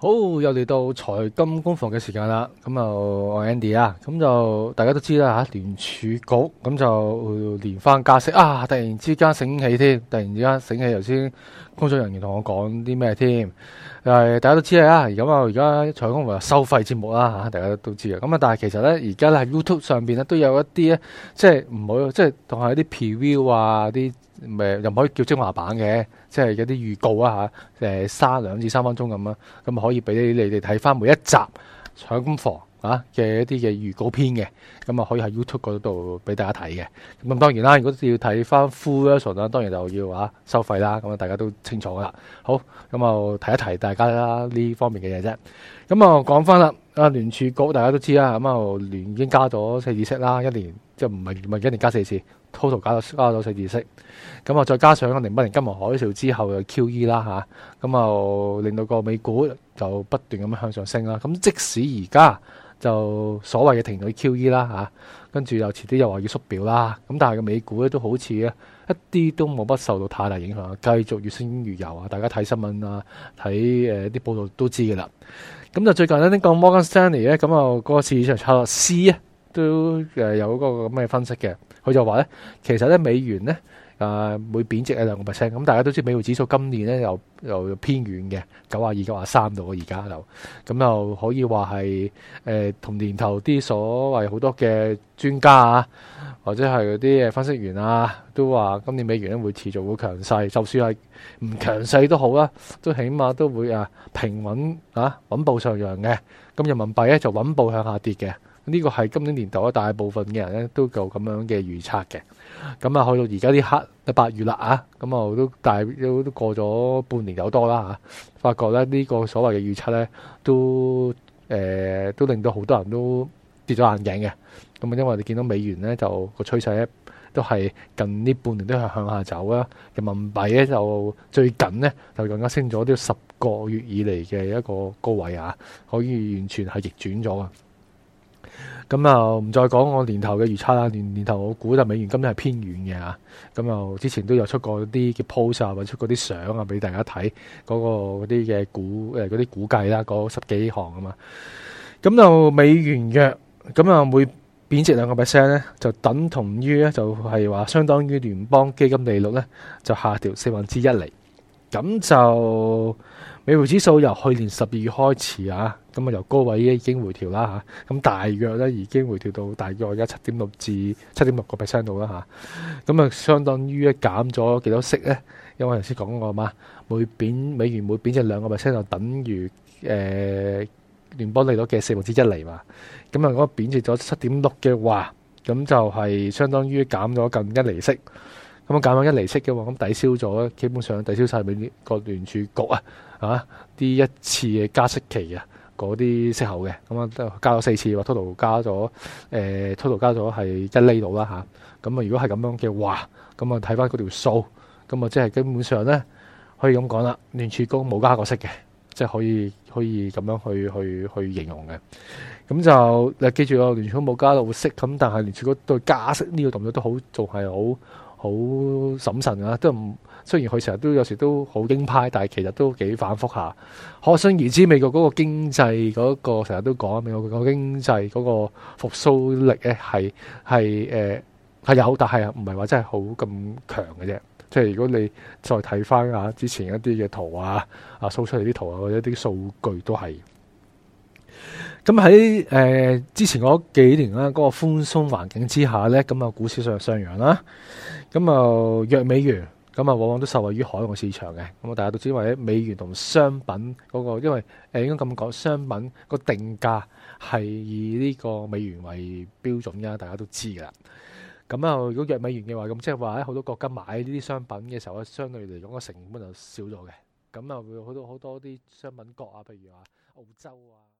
好，又嚟到財金工房嘅時間啦，咁啊我 Andy 啊，咁就大家都知啦吓，聯儲局咁就連翻加息啊，突然之間醒起添，突然之間醒起，頭先工作人員同我講啲咩添？誒，大家都知啦，而咁啊，而家財金工房收費節目啦吓，大家都知啊。咁啊，但係其實咧，而家咧喺 YouTube 上邊咧都有一啲咧，即係唔好，即係同埋啲 preview 啊，啲又唔可以叫精華版嘅。即係有啲預告啊嚇，誒，三兩至三分鐘咁啦，咁啊可以俾你哋睇翻每一集《財金工房》啊嘅一啲嘅預告片嘅，咁啊可以喺 YouTube 嗰度俾大家睇嘅。咁當然啦，如果要睇翻 Full Version 啦，當然就要啊收費啦。咁啊大家都清楚㗎啦。好，咁啊提一提大家啦呢方面嘅嘢啫。咁啊講翻啦。啊，聯儲局大家都知啦，咁啊聯已經加咗四次息啦，一年即係唔係唔係一年加四次，total 加咗加咗四次息。咁啊再加上零八年金融海嘯之後嘅 Q.E. 啦吓，咁啊令到個美股就不斷咁樣向上升啦。咁即使而家，就所謂嘅停頓 QE 啦、啊、跟住又遲啲又話要縮表啦，咁但係個美股咧都好似咧一啲都冇乜受到太大影響，繼續越升越有啊！大家睇新聞啊，睇啲、呃、報道都知嘅啦。咁就最近呢，那個、摩根丹呢個 Morgan Stanley 咧，咁啊嗰個市場差落市啊。都有嗰個咁嘅分析嘅，佢就話咧，其實咧美元咧啊會貶值啊兩個 percent，咁大家都知美匯指數今年咧又又偏軟嘅，九啊二、九啊三度。而家就咁又可以話係同年頭啲所謂好多嘅專家啊，或者係嗰啲分析員啊，都話今年美元咧會持續會強勢，就算係唔強勢都好啦，都起碼都會啊平穩啊穩步上揚嘅，咁人民幣咧就穩步向下跌嘅。呢個係今年年頭啊，大部分嘅人咧都有咁樣嘅預測嘅。咁啊，去到而家呢刻，啊八月啦啊，咁啊都大都都過咗半年有多啦嚇。發覺咧呢個所謂嘅預測咧，都、呃、誒都令到好多人都跌咗眼鏡嘅。咁啊，因為你哋見到美元咧就個趨勢咧都係近呢半年都係向下走啦。人民幣咧就最近呢，就更加升咗啲十個月以嚟嘅一個高位啊，可以完全係逆轉咗啊！咁啊，唔再講我年頭嘅預測啦。年年頭我估，美 s,、那個那估,估那個、就美元今日係偏軟嘅啊。咁又之前都有出過啲嘅 post 啊，或者出過啲相啊，俾大家睇嗰個嗰啲嘅估誒，嗰啲估計啦，嗰十幾行啊嘛。咁就美元弱，咁啊每貶值兩個 percent 咧，就等同於咧就係話相當於聯邦基金利率咧就下調四分之一嚟。咁就美匯指數由去年十二月開始啊，咁啊由高位已經回調啦嚇，咁大約咧已經回調到大約而家七點六至七點六個 percent 度啦嚇，咁啊就相當於咧減咗幾多息呢？因為我頭先講過嘛，每貶美元每貶值兩個 percent 就等於誒聯邦利率嘅四分之一厘嘛，咁啊如果貶值咗七點六嘅話，咁就係相當於減咗近一厘息。咁減咗一厘息嘅話，咁抵消咗，基本上抵消晒。畀個聯儲局啊，係、啊、呢一次嘅加息期啊，嗰啲息口嘅咁啊，加咗四次，話 total 加咗誒 total 加咗係一厘度啦吓，咁啊，如果係咁樣嘅話，咁啊，睇翻嗰條數，咁啊，即係基本上咧，可以咁講啦。聯儲局冇加過息嘅，即係可以可以咁樣去去去形容嘅。咁就你記住啦，聯儲局冇加到息咁，但係聯儲局對加息呢個動作都好仲係好。好審慎啊，都唔雖然佢成日都有時都好鷹派，但係其實都幾反覆下。可想而知美國嗰個經濟嗰個，成日都講美國個經濟嗰個復甦力咧，係係誒係有，但係啊唔係話真係好咁強嘅啫。即係如果你再睇返啊之前一啲嘅圖啊啊，掃出嚟啲圖啊或者啲數據都係。咁喺、呃、之前嗰幾年啦，嗰、那個寬鬆環境之下咧，咁啊股市上上揚啦，咁啊弱美元，咁啊往往都受惠於海外市場嘅。咁啊、那個呃，大家都知道，因為美元同商品嗰個，因為應該咁講，商品個定價係以呢個美元為標準噶，大家都知噶啦。咁啊，如果弱美元嘅話，咁即係話喺好多國家買呢啲商品嘅時候咧，相對嚟講個成本就少咗嘅。咁啊，會好多好多啲商品國啊，譬如話澳洲啊。